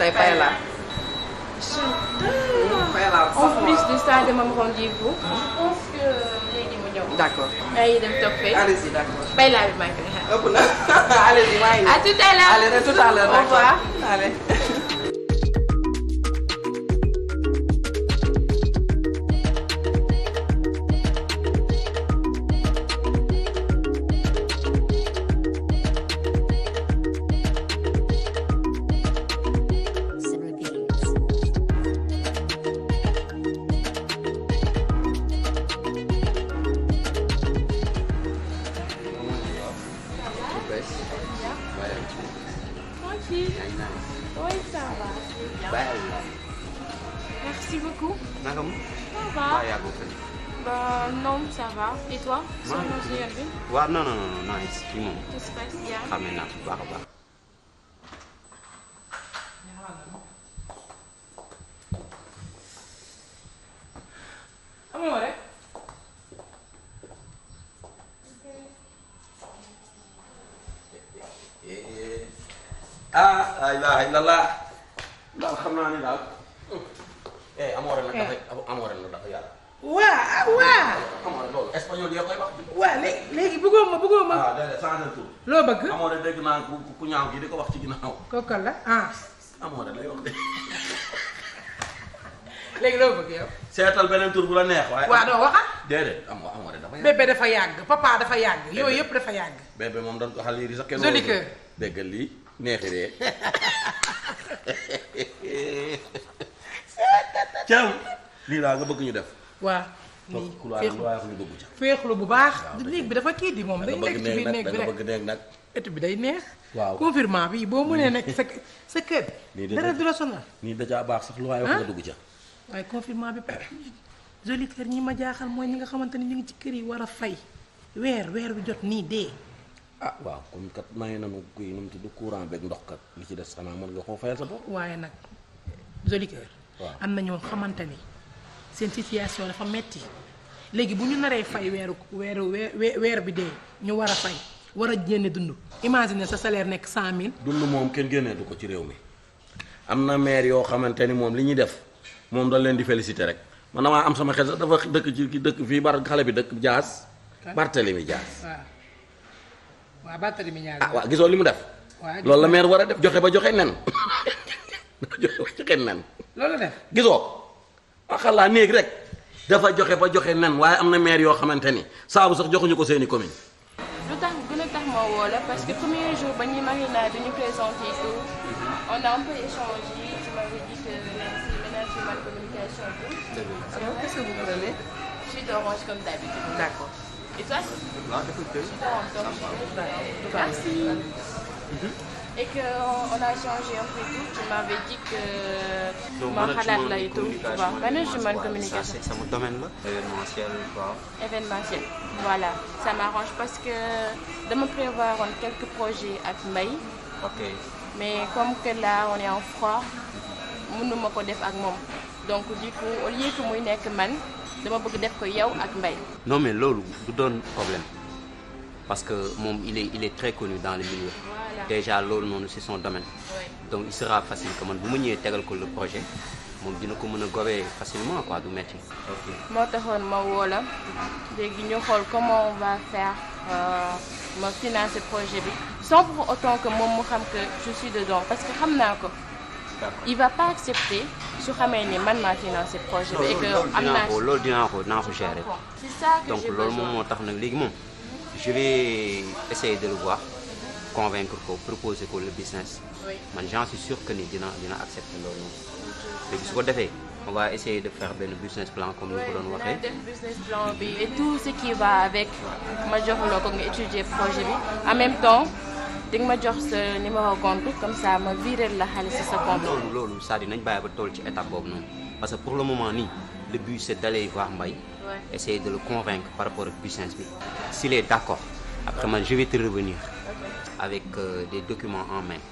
tey fay la. en plus de ça dama am rendez-vous. je pense que léegi mu ñëw. d'accord maa ngi dem toog fay. allez-y d'accord fay laa bi maa ngi koy xaar. ëpp na allez-y maa ngi. à tout à l'heure allez à tout à l'heure d'accord au revoir. allez. amore? Eh, eh. ah laa ilaaha illallah daal xam naa ni daal. eh amoore nag dafay amoore nag dafa yàlla. waa ah waa. amoore loolu espagnol yoo koy waa léegi léegi bëggoo ma bëggoo ma. ah déedéet changé tur. loo bëgg amoore dégg naa ku ñaaw gi di ko wax ci ginnaaw. kooku la ah. amoore lay wax de. léegi loo bëgg yow. seetal beneen tur bu la neex waaye. waaw doo waxaat. déedéet am nga amoo dafa yàgg. bébé dafa yàgg papa dafa yàgg. yooyu yëpp dafa yàgg. bébé moom doon ko xal yi sax kenn. joli kër déggal lii neexiree. Thiam. lii daal nga bëgg ñu def. waaw. nii féexlu féexlu bu baax. néeg bi dafa baax di moom dañ nekk ci biir néeg bi rek da nga bëgg néeg nag. ëtt bi day neex. waaw confirmation bi boo mënee nekk sa sa kër. dara du la sonal. nii dajaa baax sax lu dugg ca. waaye confinement bi pare joli kër ñi ma jaaxal mooy ñi nga xamante ni ñu ngi ci kër yi war a fay weer weer bi jot nii dee. ah waaw comme kat may nañu kuy nu mu tudd courant ndox kat li ci des xanaa mën nga koo fayal sa waaye nag joli kër. am na ñoo xamante ni seen dafa metti léegi bu ñu fay weeru weeru weer bi dee ñu war a fay war a génne dund imagine sa salaire nekk 100000. dund moom kenn génnee du ko ci réew mi am na maire yoo xamante ni moom li ñuy def. moom dañ leen di féliciter rek man damaa am sama xel sax dafa dëkk ci dëkk fii bar xale bi dëkk jaas Barthélemy Dias. waaw Barthélemy Dias. ah waaw gisoo li mu def. loolu la maire war a def joxe ba joxe nen joxe ba joxe néeg rek. dafa joxe ba joxe nen waaye am na maire yoo xamante ni saabu sax joxuñu ko seeni commune. chez Mal Communication Rouge. Alors, qu'est-ce que vous prenez Jus d'orange comme d'habitude. D'accord. Et toi Non, écoute. Euh, Jus d'orange comme d'habitude. Merci. Mhm. Et qu'on a changé un peu tout, tu m'avais dit que. Donc, management la communication. Management communication. Ça, c'est mon domaine là. Événementiel, quoi. Événementiel. Voilà. Ça m'arrange parce que de me prévoir en quelques projets avec Maï. Ok. Mais comme que là, on est en froid, mënuma ko def ak moom donc du coup au muy nekk man dama bëgg def ko yow ak mbay non mais loolu du doon problème parce que moom il est il est très connu dans la milieu. Voilà. déjà loolu noonu c'est son domaine. Oui. donc il sera facile que man bu ma ñëwee tegal ko le projet moom dina ko mën a gobee facilement quoi du métti. moo taxoon ma woo la léegi ñu xool comment on va faire euh, ma financer projet bi sans pour autant que moom mu xam que je suis dedans parce que xam naa ko. il va pas accepter su xamee ni man maa financé projet bi. et que am naa ko loolu ko gérer. donc loolu moom moo tax nag léegi moom. je vais essayer de le voir convaincre ko proposer ko le business. man j'en suis sûr que ni dina dina accepter loolu moom. su ko defee. on va essayer de faire benn business plan comme ni ko doon waxee. et tout ce qui va avec ma jox la ko étudier projet bi en même temps. di ma jox sa numéro compte comme ça ma virer la xaalis sa ah, compte. loolu loolu di à dire nañ bàyyi ba toll ci étape boobu noonu parce que pour le moment nii le but c' est d' aller voir Mbaye. de le convaincre par rapport ak puissance bi. s' il est accord après man je vais te revenir. avec euh, des documents en main.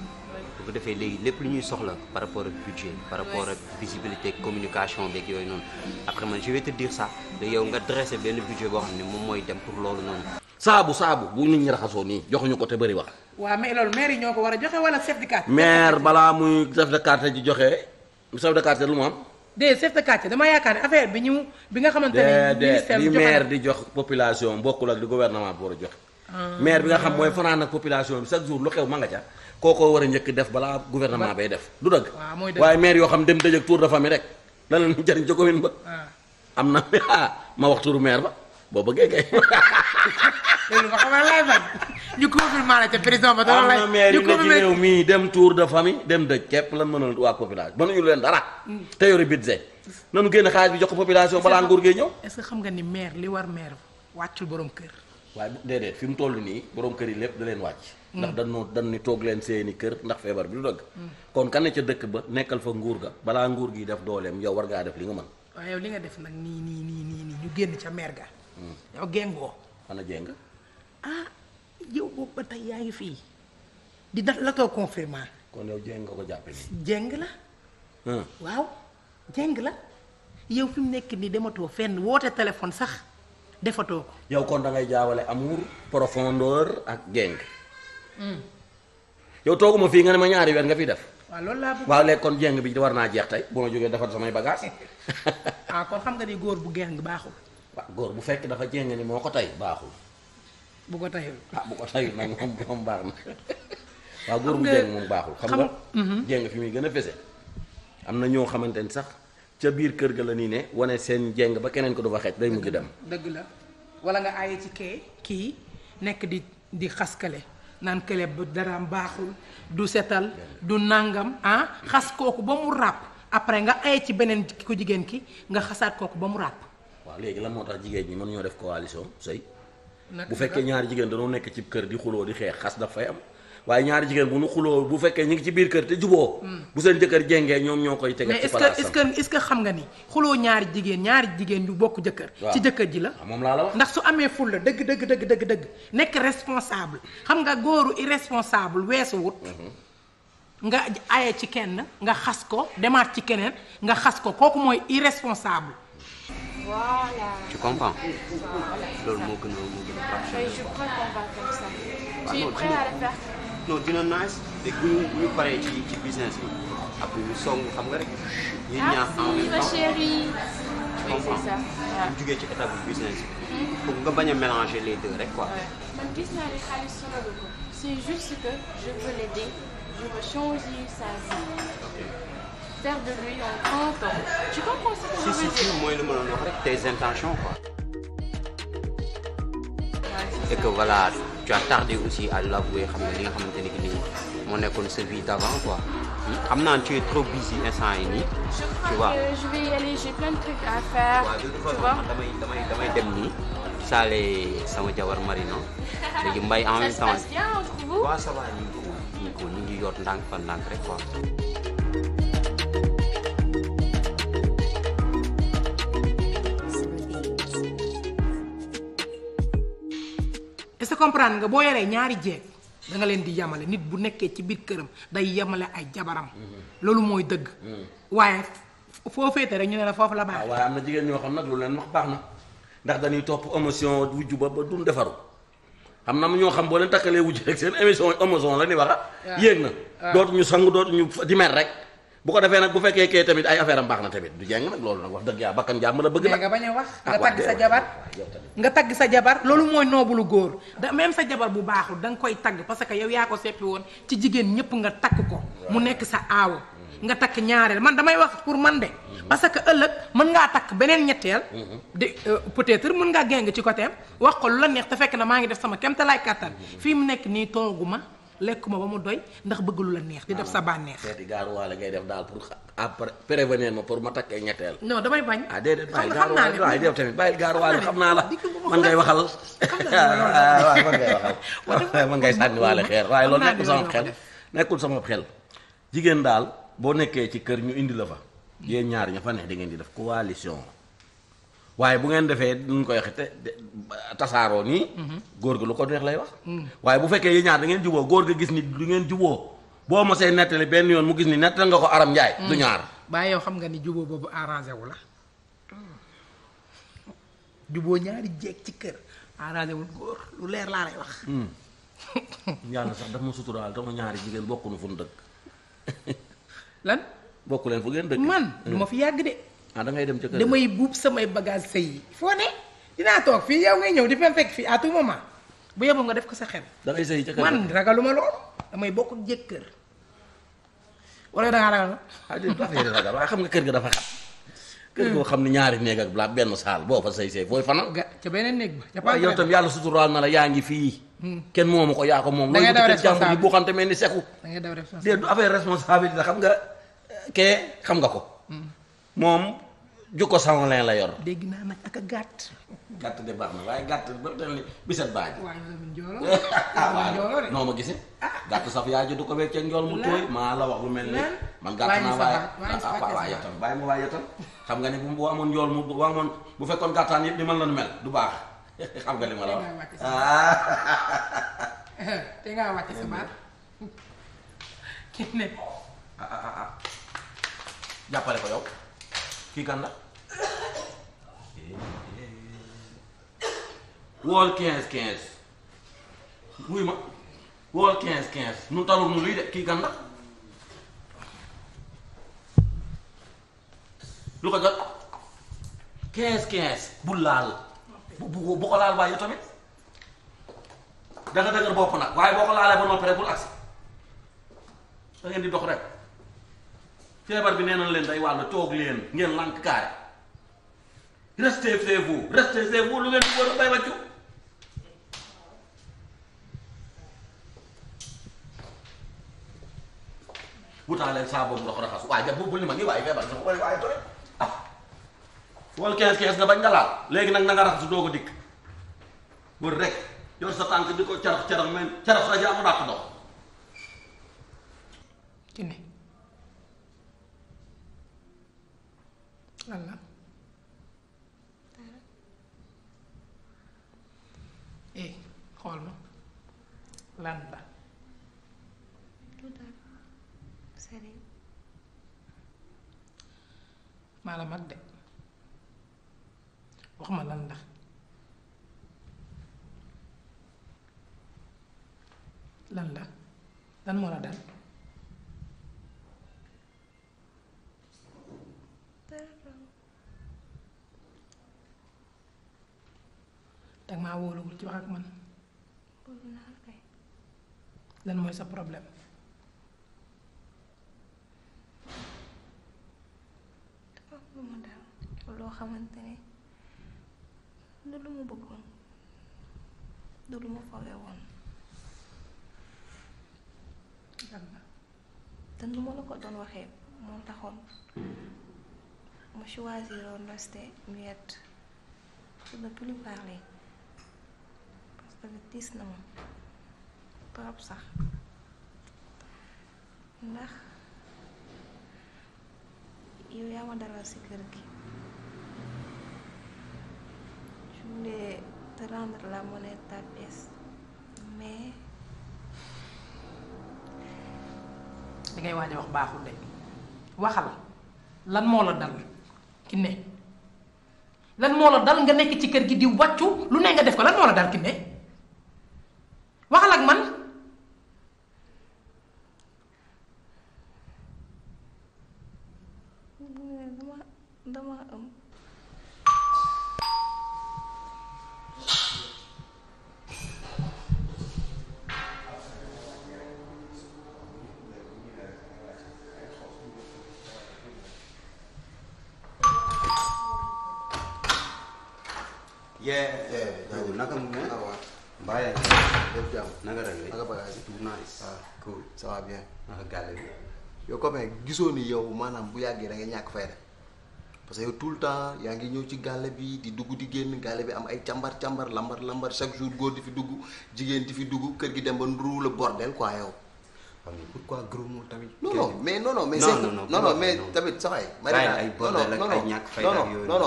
bu defee léegi lépp lu ñuy soxla par rapport ak budget par rapport ak visibilité communication beeg yooyu noonu après ma je vais te dire yow nga dressé benn budget boo xam ne moom mooy dem pour loolu noonu. saabu saabu bu nit ñi raxasoo nii joxuñu ko te bëri wax. waaw mais loolu maire yi ñoo ko war a joxe wala chef de quartier. maire balaa muy chef de quartier ji joxe chef de quartier lu mu am. de chef de quartier dama yaakaar ne affaire bi ñu bi nga xamante ne. ministère li di jox population bokkul ak li gouvernement bi war a joxe. Ah. maire bi nga xam mooy fanaan ak population bi chaque jour lu xew ma nga ca. kookoo war a njëkk def balaa gouvernement bay def. du dëgg waaye maire yoo xam dem dëj ak tour de famille rek. lan la ñuy jëriñ ca ba. Ah. am na ah, ma wax turu maire ba. boo bëggee kay. déglu nga xam nga lay bañ ñu confinement la ca prison ba. dara lay de famille dem dëj képp lan mënoon waa population mënuñu leen dara. te yore budget. nanu génn xaalis bi jox ko population balaa nguur gee ñëw. est-ce que xam nga ni maire li war maire wàccul borom kër. waaye déedéet fi mu toll nii borom kër yi lépp da leen wàcc. ndax mm. dañoo dañu toog leen seeni kër ndax feebar bi du dëgg. Mm. kon kan ca dëkk ba nekkal fa nguur ga balaa nguur gi def dooleem yow war ngaa def li nga mën. waaw yow li nga def nag nii nii nii nii ñu génn ca maire ga yow gengoo xana jeng jéng ah, yow boobu ba tey yaa ngi fii di daf la ko confirmer kon yow jeng nga ko jàppe nii jeng la hmm. waaw jeng la yow fi mu nekk nii dematoo fenn woote téléphone sax defatoo ko yow kon da ngay jaawale amour profondeur ak geng hmm. yow tooguma fii nga ne ma ñaari weer nga fi def waaw loolu laa bëgg waaw léegi kon jeng bi war naa jeex tey bu ma jógee defar samay bagage ah, kon xam nga ni góor bu geng baaxul góor bu fekk dafa jéng ni moo ko tey baaxul. bu ko tayul ah bu ko tayul nag moom moom baax na waaw góor bu jéng moom baaxul. xam nga mhm. jéng fi muy gën a fese. am na ñoo xamante ni sax ca biir kër ga la nii ne wane seen jéng ba keneen ko du fa xeej day mujj dem. dëgg la wala nga aaye ci kee kii nekk di di xaskale naan kële bu daraam baaxul du setal du nàngam ah xas kooku ba mu ràpp après nga aaye ci beneen ki ko jigéen ki nga xasaat kooku ba mu ràpp. waaw léegi lan moo tax jigéen ñi mën ñoo def coalition sëy bu fekkee ñaari jigéen dañoo nekk ci kër di xuloo di xeex xas daf fay am waaye ñaari jigéen bu ñu xuloo bu fekkee ñu ngi ci biir kër te juboo hmm. bu seen jëkkër jéngee ñoom ñoo koy tegal ci palaasam ce que xam nga ni xuloo ñaari jigéen ñaari jigéen yu bokk jëkkër ci jëkkër ji la ah, moom laa la wax ndax su amee ful la dëgg dëgg dëgg dëgg dëgg nekk responsable xam nga góoru irresponsable weesu wut hmm. nga aye ci kenn nga xas ko demaat ci keneen nga xas ko kooku mooy irresponsable Voilà. Tu comprends loolu moo gën a moo gën a baax. Ah, dina naaj. te bu ñu paree ci business bi après ñu song xam nga rek. ñu ñaax ah, en même temps chérie. oui c'est jugee ci étape bu business bi. Mhm. pour nga bañ a mélanger les deux rek quoi. faire de lui un compte tu mooy lu ma wax rek tes intentions quoi. et que voilà tu aussi à l'avouer xam nga li nga xamante ne nii moo nekkoon sa vie d'avant quoi. Hmm? xam naa tu es trop busy instant yi nii. tu vois je faire. Ouais, de dem ni saale sama jabar Marina léegi mbay en même temps. ça se passe bien entre vous. fa ndànk rek quoi. comprendre nga boo yoree ñaari jeeg da nga leen di yamale nit bu nekkee ci biir këram day yamale ay jabaram. Mm-hmm. loolu mooy dëgg. Mm-hmm. waaye foo féete rek ñu ne la foofu la baax. Ah, waaye am na jigéen ñoo xam nag lu leen wax baax na ndax dañuy topp émotion wujju ba ba du defaru xam na ñoo xam boo leen takkalee wujju rek seen émission émotion la ni wax a. Ah. Ah. yéeg na dootuñu sangu dootuñu di mer rek. bu ko defee nag bu fekkee kee tamit ay affaire baax na tamit du jàng nag loolu nag wax dëgg yaa bakkan jàmm la bëgg nag a ah, jabar ah, nga tagg sa jabar loolu mooy noobulu góor da même sa jabar bu baaxul danga koy tagg parce que yow yaa ko seppi woon ci jigéen ñëpp nga takk ko mu nekk sa aawo nga takk ñaareel man damay wax pour man de parce que ëllëg mën ngaa takk beneen ñetteel mm-hmm. de euh, peut-être mën ngaa géng ci côté am wax ko lu la neex te fekk na maa ngi def sama kemtalaay kàttan mm-hmm. fii mu nekk nii tooguma lekk ma ba mu doy ndax bëgg lu la neex di def ah. sa bànneex seeti gaaruwaale ngay def daal pour après prévenir ma pour ma takk ñetteel non damay bañ ah déedéet bàyyi gaaruwaale waaye def tamit bàyyi xam naa la man ngay waxal ah, waaw man ngay waxal man ngay sànniwaale xeer waaye loolu nekkul sama xel nekkul sama xel jigéen daal boo nekkee ci kër ñu indi la fa yéen ñaar ña fa ne da ngeen di def coalition waaye bu ngeen defee nuñ koy waxe tasaaroo nii mhm. góor gi lu ko neex lay wax mm. waaye bu fekkee yi ñaar da ngeen juboo góor ga gis ni du ngeen juboo boo mosee nettali benn yoon mu gis ni nettal nga ko aram njaay du mm. ñaar waaye xam nga ni juboo boobu arrangé wu la mm. juboo ñaari jeeg ci kër arrangé wul góor lu leer laa lay wax yàlla sax daf ma suturaal dama ñaari jigéen bokkuñu fu nu dëkk lan bokku fu ngeen dëkk man du ma fi yàgg de ah da dem ca damay buub samay bagage sëy yi foo ne dinaa toog fii yow ngay ñëw di fa fekk fii à tout moment bu yeboo nga def ko sa xel. da ngay sëy ca kër man ragaluma loolu damay bokk ak jëkkër wala da ngaa ragal ma. Ah, waaye xam nga kër ga dafa xat. kër hmm. xam ne ñaari néeg ak la benn saal boo fa sëy sëy fooy fanal. ga ca beneen néeg ba. waaw yow tam la yaa ngi fii. Hmm. kenn moomu ko yaa moom. da ngay daw responsable loolu bu xamante mel ni seku. da ngay daw responsable déedéet du affaire xam nga kee xam nga ko hmm. moom jukko salon la yor. dégg naa nag ak a gàtt. gàtt de baax na waaye gàtt ba tey li bisat baa ji. waaye ah, noo ma gisee. Ah. gàtt saf yaa ji du ko weccee njool mu tooy. maa la wax lu mel ni. man gàtt naa waaye waaye ah, tam bàyyi ma waaye tam. xam nga ni bu amoon njool mu bu amoon bu fekkoon gàttaan yëpp di mën la nu mel du baax xam nga li ma la wax. jàppale ko yow. kii kan la quinze quinze wuy ma wool quinze quinze nu talul nu luy de kii kan la lu ko jot quinze quinze bu laal bu bu bu ko laal waaye yow tamit da nga bopp nag waaye boo ko laalee ba noppi rek bul agsi da ngeen di dox rek feebar bi nee nañ leen day wàll toog leen ngeen lànk kaare restez chez vous restez chez vous lu ngeen di war a bay wàccu wutaaleen saabu boobu ndox raxas waaye bu bul ni ma nii waaye feebar dafa bëri waaye tooy ah wala 15 15 nga bañ nga laal léegi nag na nga dikk bu sa tànk di ko carax carax mel carax lan la eh xool ma lan la maa la de wax ma lan la lan la lan moo la dal nag maa wóoluwul ci wax ak man lan mooy sa problème loo xamante ne du lu mu bëggoon du lu mu foge woon te nu ma la ko doon waxee moo taxoon mu choisiroon rester muette pour ne plus parler parce que tiis na moom trop sax ndax yow yaa ma dalal si kër gi je voulais te rendre la monnaie de ta mais. li ngay waaj a wax baaxul de waxal lan moo la dal ki ne lan moo la dal nga nekk ci kër gi di wàccu lu ne nga def ko lan moo la dal ki ça va bien. naka gàlle bi. yow comme eh, gisoo ni yow maanaam bu yàggee da ngay ñàkk fayda parce que yow tout le temps yaa ngi ñëw ci gàlle bi di dugg di génn gàlle bi am ay càmbar càmbar lambar lambar chaque jour góor di fi dugg jigéen di fi dugg kër gi dem ba nduru le bordel quoi yow. xam nga pourquoi gros mots tamit. non non mais non mais. tamit sax ay. Marina ay bordel ak ma non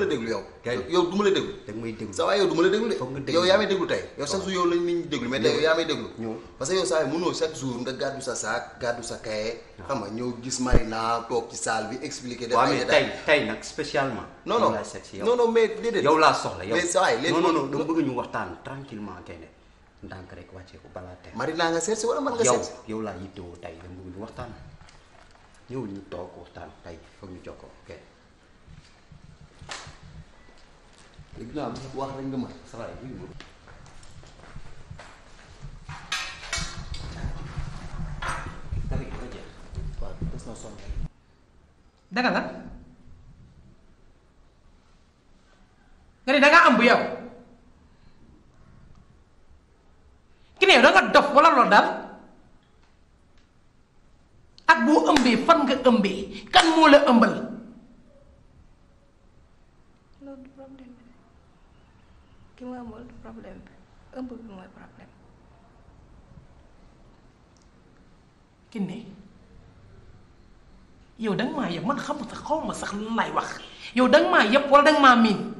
la déglu yow. yow du ma la déglu. da nga sa waay yow la déglu de. foog nga déglu yow yaa may déglu tey yow chaque jour yow lañ sa sa kaye. xam nga ñëw gis Marina toog ci salle bi expliqué. def ay tay nag spécialement. non non non non mais déedéet yow laa soxla yow. mais saa yi léegi non dama bëgg ñu waxtaan tranquillement kay ne ndànk rek wàccee ko balaa tey. mari laa nga seet si wala man nga seet si yow yow laa yittewoo tey dama bëgg ñu waxtaan ñëw ñu toog waxtaan tey foog ñu jokkoo ok. léegi naa wax rek nga ma sa waay danga la nga ne dangaa am bu ah? yow kan bi yow danga maa yëpp man xamut sax xaw ma sax lu lay wax yow danga maa yëpp wala danga maa miin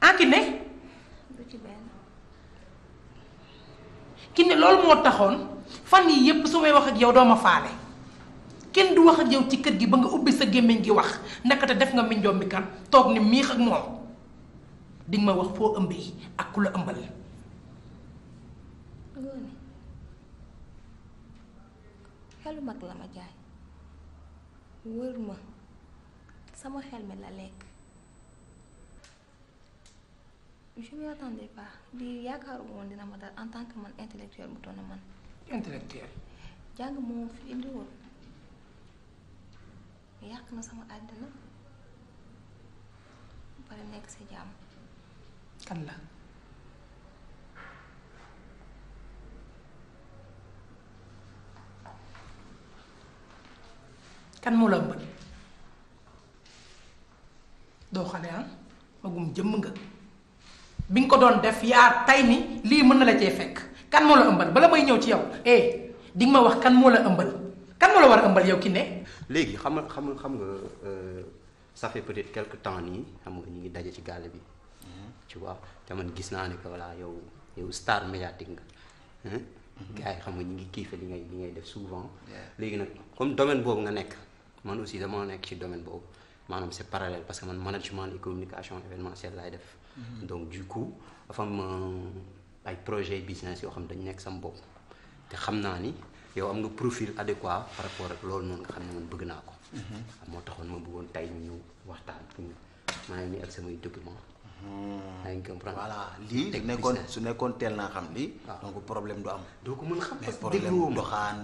ah Kiné du loolu moo taxoon fan yii yëpp su may wax ak yow doo faale kenn du wax ak yow ci kër gi ba nga ubbi sa gémmiñ gi wax nakate def nga minjoom mi kan toog ni miix ak moom di ma wax foo ëmbee ak ku la ëmbal. ngoone xelu mag la ma jaay wër ma sama xel mi la lekk je m'y attendais pas di woon dina ma dal en tant que man intellectuel bu doon na man. intellectuel. jàng moom fi indiwoon. yàq na sama àddina nekk si jàmm kan la kan moo la ëmbal doo xale ah magum jëmm nga bi nga ko doon def yaa tey ni lii mën na la cee fekk kan moo la ëmbal bala may ñëw ci yow eh di ma wax kan moo la ëmbal kan moo la war a ëmbal yow ki ne léegi xam nga xam nga xam nga euh, ça fait peut-être quelque temps nii xam nga ñu ngi daje ci gàll bi. Mhm. tu vois te man gis naa ne que voilà yow yow star médiatique nga. Mhm. gars yi xam nga ñu ngi kiife li ngay li ngay def souvent. léegi nag comme domaine boobu nga nekk man aussi dama nekk ci domaine boobu maanaam c'est parallèle parce que man management et communication événementielle laay def. Mhm. donc du coup dafa am euh, ay projet business yoo xam dañu nekk sama bopp te xam naa ni. yow am nga profil adéquat par rapport ak loolu noonu nga xam ne man bëgg naa ko. Mhm. moo taxoon ma bëggoon tey ñu waxtaan fi maa ngi samay document mhm. maa ngi comprendre voilà lii su nekkoon su nekkoon teel naa xam lii. donc problème du am. doo ko mën xam parce que problème doxaan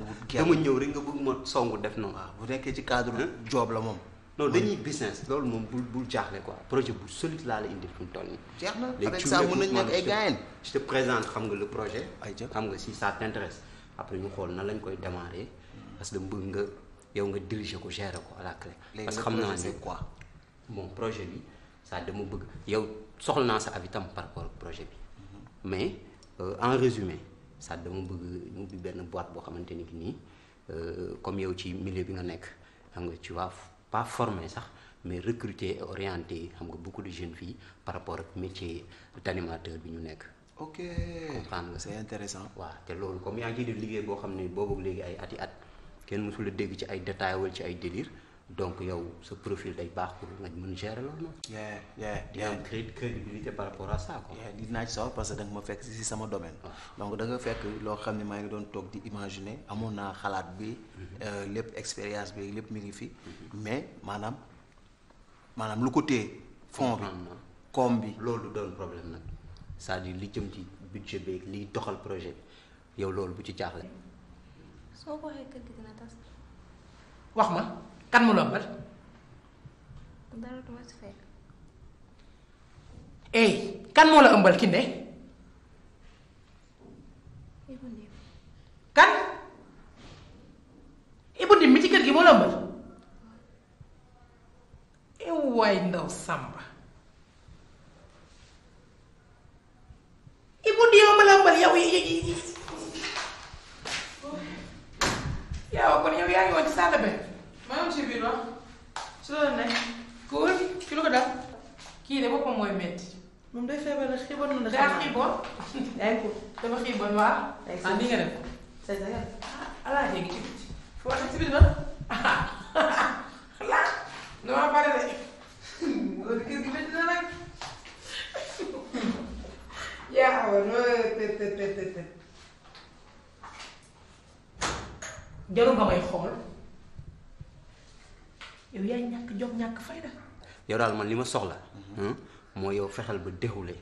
ñëw rek nga bëgg ma songu def noonu. waaw bu nekkee ci cadre job la moom. non dañuy business loolu moom bul bul jaaxle ko projet bu solide laa la indil fi mu toll nii. jeex na avec ça mën nañu nekk ay gaayeen je te présente xam nga le projet. ay xam nga si ça t'intéresse après ñu xool nan lañ koy démarrer parce que bëgg nga yow nga diriger ko gérer ko à la clé. xam naa ne quoi. bon projet bi ça dama bëgg yow soxla naa sa avis tam par rapport projet bi mm-hmm. mais euh, en résumé ça dama bëgg ñu ubbi benn boîte boo xamante ni nii euh, comme yow ci milieu bi nga nekk xam nga ci vas pas former sax. mais recruter et orienter xam nga beaucoup de jeunes filles par rapport ak métier d'animateur bi ñu nekk ok comprendre nga c'est intéressant waa te loolu comme yaa ngi ciy def liggéey boo xam ne boobu léegi ay ati at kenn mësul a dégg ci ay détails wala ci ay délire donc yow sa profil day baax pour nga mën gérer loolu noonu. yeah yeah di am crédibilité par rapport à ça quoi. yeah dinaa ci parce que da nga ma fekk si sama domaine. Ah. donc da nga fekk loo xam ne maa ngi doon toog di imaginer amoon naa xalaat bi. Mhm. Euh, lépp expérience bi lépp mi ngi fi. Mhm. mais maanaam maanaam lu ko téye. fond bi bi loolu doon problème nag. cest à li jëm ci budget beeg liy doxal projet bi yow loolu bu ci jaaxle. soo wax ma kan mu lombal. dara du kan moo la ëmbal eh, Kine. Ibou kan Ibou Ndim mi ci kër gi moo la ëmbal. eh ndaw Samba. Ibu dia melambal yow yow kon yow yaa ngi woon ci sàll bi maa ngi ci biir wax su la ne góor ki lu ko dal kii de boppam mooy métti moom day feebar rek xiiboon na daa xiiboon yaa ngi ko dafa xiiboon waa ah ni nga def c'est ça ah, alaa ngi ci bitti foo ci biir la laa dama pare kawe eh, ma pep pep pep pep may xool yow yaay ñàkk jom ñàkk fayda yow daal man li ma soxla mooy yow fexeel ba déxule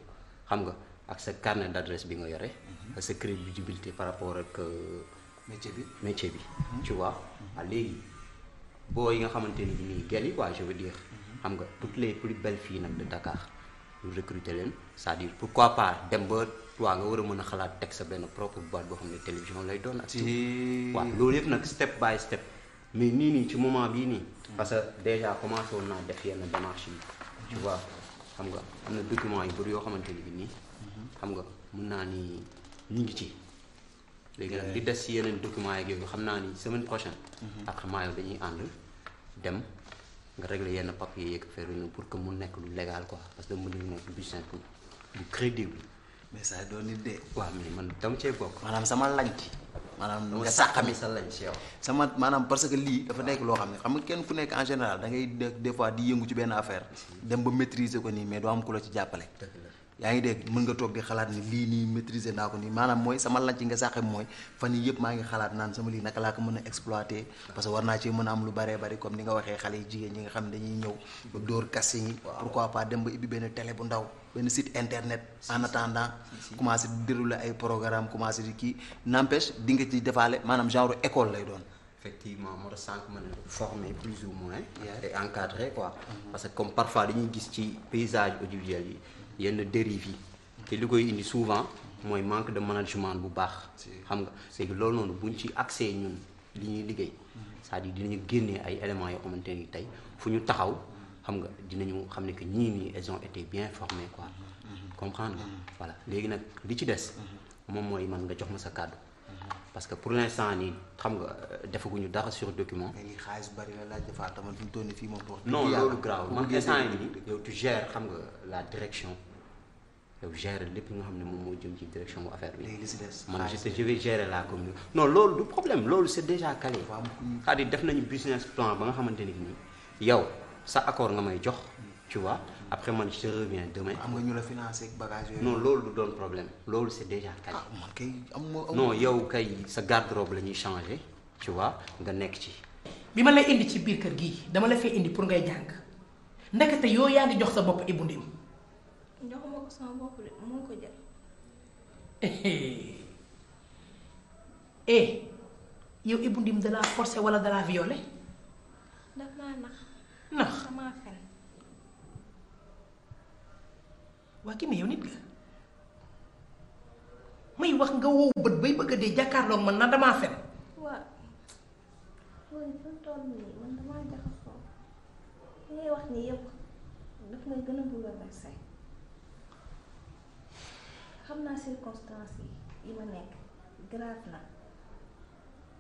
xam nga ak sa carnet d'adresse bi nga yore mhm. ak sa crédibilité par rapport ak euh, métier bi métier bi mhm. tu vois mhm. ah léegi boo yi nga xamante ni bi nii gel yi je veux dire xam nga toutes les plus belles filles nag de Dakar ñu recruter leen sa à dire pourquoi pas dem ba waaw nga war a mën a xalaat teg sa benn propre boîte boo xam ne télévision lay doon. ak waaw loolu yëpp nag step by step mais nii nii ci moment bii nii. parce que déjà commencé woon naa def yenn démarche yi. tu xam nga am na documents yu bëri yoo xamante ne bi nii. xam nga mun naa ni ñu ngi ci. léegi nag li des si yeneen documents yeeg yooyu xam naa ni semaine prochaine. Mhm. ak maa yow dañuy ànd dem. nga régler yenn papier yeeg affaire yi pour que mu nekk lu légal quoi parce que mënuñu nekk bu simple bu crédible. mais saa doon nit de. waaw mais man dama cee bokk. maanaam sama lanc. maanaam nga sàqami sa lanc yow. sama maanaam parce que lii dafa nekk loo xam ne xam nga kenn ku nekk en général da ngay des fois di yëngu ci benn affaire. dem ba maîtriser ko nii mais doo am ku la ci jàppale. yaa ngi dégg mën nga toog di xalaat ni lii nii maîtriser naa ko nii maanaam mooy sama lan ci nga saxe mooy fan yii yëpp maa ngi xalaat naan sama lii naka laa ko mën a exploiter parce que war naa ci a am lu baree bari comme ni nga waxee xale yi jigéen ñi nga xam ne dañuy ñëw ba dóor casting yi pourquoi commencé di ay programme commencé di kii n'empêche di nga ci defaale maanaam genre école lay doon effectivement moo sànq mën a former ou moins et encadrer mm-hmm. que comme parfois dañuy gis ci paysage audiovisuel yi yenn dérive yi te li koy indi souvent mooy manque de management bu baax xam nga se loolu noonu buñ ci accès ñun li ñuy liggéey c'est-à-dire dinañu génnee ay éléments yoo xamante ni tey fu ñu taxaw xam nga dinañu xam ne que ñii nii ils ont été bien formé quoi comprendre nga léegi nag li ci des moom mooy man nga jox ma sa kàddu parce que pour l'instant nii xam nga defaguñu dara sur document. mais li xaalis bari la laaj dafa tamit fi mu toll nii fii moom. wax dëgg yàlla non loolu grave man instant yii yow tu gères xam nga la direction. yow gérer lépp nga xam ne moom moo jëm ci direction bu affaire bi. léegi man je loolu du problème loolu c'est déjà calé. waaw c'est-à-dire def nañu nii yow sa accord nga may jox. tu après man je reviens demain. am ñu la financé ak bagage yooyu. non loolu du doon problème loolu c'est déjà calé. ah man kay am non yow kay sa garde-robe la ñuy changer tu vois nga nekk ci. bi ma la indi ci biir kër gi dama la fay indi pour ngay jàng ndekete yoo yaa di jox sa bopp Ibou Ndim joxuma ko sama bopp de moo ko jël. eh, eh yow Ibou Ndim dalaa forcé wala dalaa violé. daf maa nax. nax damaa fen. waa kii mais yow nit nga may wax nga wow bët bay bëgg a dee jàkkaarloog man damaa fen. waaw loolu fi mu toll nii man damaa jaxasoo li daf may gën a bëgg a xam naa circonstances yi yi ma nekk na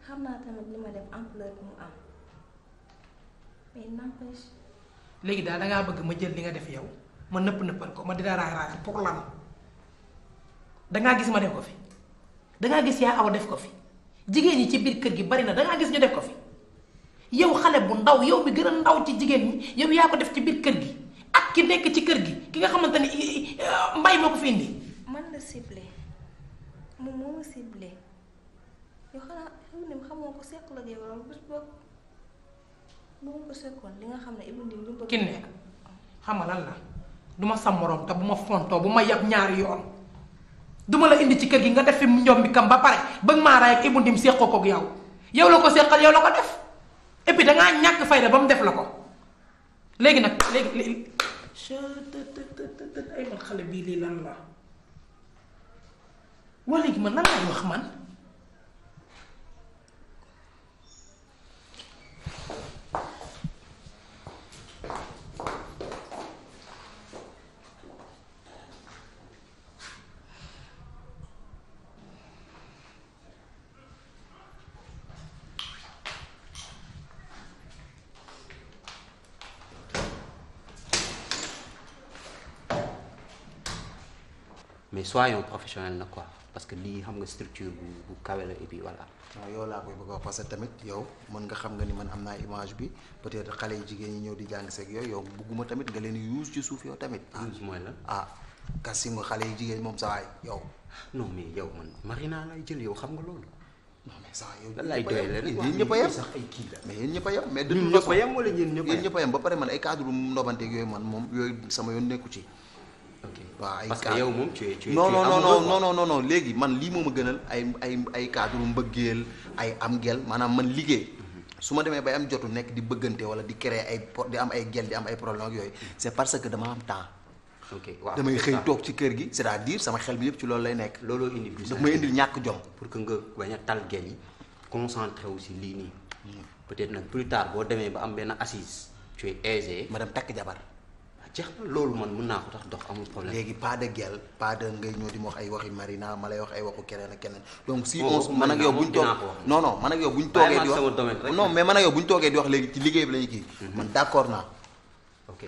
tamit li ma def ampleur bi mu am léegi daal da ngaa bëgg ma jël li nga def yow ma nëpp nëppal ko ma dina raay raay pour lan da gis ma def ko fi dangaa gis yaa aw def ko fi jigéen ñi ci biir kër gi bari na da ngaa gis ñu def ko fi yow xale bu ndaw yow bi gën a ndaw ci jigéen ñi yow yaa ko def ci biir kër gi ak ki nekk ci kër gi ki nga xamante ni mbay moo ko fi indi. la moom moo ma ciblé xanaa Ibou Ndim xamoo ko seqal ak yow loolu bés boobu bu ma ko seqoon li nga xam ne Ibou Ndim lu bëgg. Kiné xam nga lan la duma ma sa morom te bu ma fontoo bu ma yab ñaari yoon duma la indi ci kër gi nga def fi mu bi kam ba pare bëgg maa raay ak Ibou Ndim seqoo ko ak yow yow la ko seqal yow la ko def et dangaa ñàkk fayda ba mu def la ko léegi nag léegi. ay man xale bii lii lan la. waa léegi man lan laay wax man mais soyons professionnels na quoi parce que lii xam nga structure bu bu kawe la et puis voilà. yow laa koy bëgg a wax tamit yow mën nga xam nga ni man am naa image bi peut-être xale yi jigéen ñi ñëw di jàng seeg yooyu yow bugguma tamit nga leen yuus ci suuf yow tamit. yuus ah, mooy la ah, xale yu jigéen moom sawaay yow. non mais yow man Marina lay jël yow xam nga loolu. sax ay kii la mais yéen ñëpp a mais de toute façon ba pare man ay cadre ndobanteeg yooyu man moom yooyu sama yoon nekku ci waaw ay parce que yow moom tu es tu es non non non non non non léegi man lii moom a gënal ay ay ay cadre mbëggeel ay am gel maanaam man liggéey mhm. su ma demee bay am jotu nekk di bëggante wala di créer ay di am ay gel di am ay problème ak yooyu c'est parce que dama am temps ok waaw damay xëy toog ci kër gi c'est-à-dire sama xel bi yëpp ci loolu lay nekk. looloo indi plus daf may indil ñàkk jom. pour que nga bañ a tal gel yi concentré wu si lii nii hmm. peut-être nag plus tard boo demee ba am benn assise tu es aisé. ma dem jabar. jeex na loolu man mën naa ko tax dox amul problème. léegi pas de guerre pas de ngay ñëw di ma wax ay waxi Marina ma lay wax ay waxu keneen ak keneen. donc si on man ak yow bu ñu toog non non man ak yow toogee di wax léegi ci liggéey lañu kii. Mm-hmm. man d' naa. ok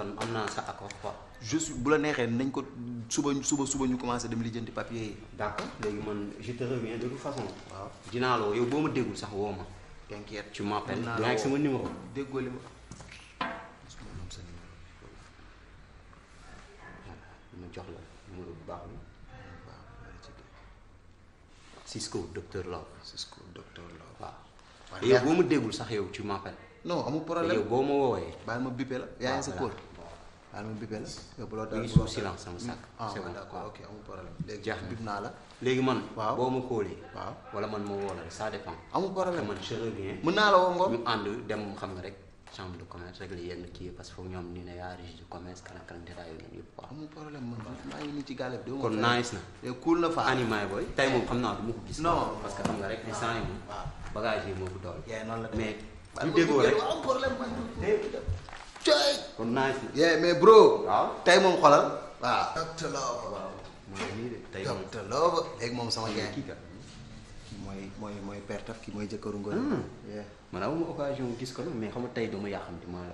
am naa sa accord quoi. je bu la neexee nañ ko suba suba suba ñu commencé dem lijjanti papier yi. d' léegi man je te reviens de toute façon. waaw dinaa la woo yow boo ma déggul sax woo ma. t'inquiète tu m'appelles. dinaa la woo dinaa ma numéro déggoo li ma. mu jox la numéro baax la waaw loolu ci biir Cisco docteur Law. Cisco docteur Law waaw. yow ma déggul sax yow tu m'appelles. non amul problème yow boo ma woowee. baal ma bippe la yaa ngi sa kóor. baal ma bippe la. yow bu la daal sous silence sama sàkk. ah d'accord ok amul problème. léegi naa la. léegi man. waaw boo ma kóolee. waaw wala man ma woo la ça dépend. amul problème man je reviens. mën naa la woo ñu ànd dem xam nga rek. chambre de commerce régler yenn kii parce que foog ñoom ñu ne yaa registre de commerce kanam kanam détaillé yu ñu yëpp quoi. amul problème man maa ngi nii ci gàllankoor bi. moom xam naa du ma ko gis. non parce que xam nga rek instant yi moom. waaw bagage yi moo ko dool. mais tey moom xoolal. mooy mooy mooy père ki mooy jëkkëru ngóor hmm. man amuma occasion gis ko mais xam nga tey dama yàqamti maa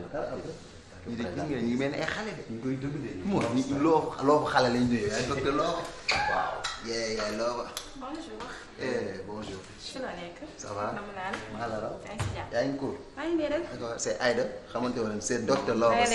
loolu ah, ah de gis ngeen ñu mel ni ay xale de ñu koy dund de moo ñu loo loobu xale lañ doyee ay docteur looba waaw yee yaay looba bonjour eh, bonjour ci la nekk ça maa la raw ko maa ngi nii rek c'est Aïda xamante woon c'est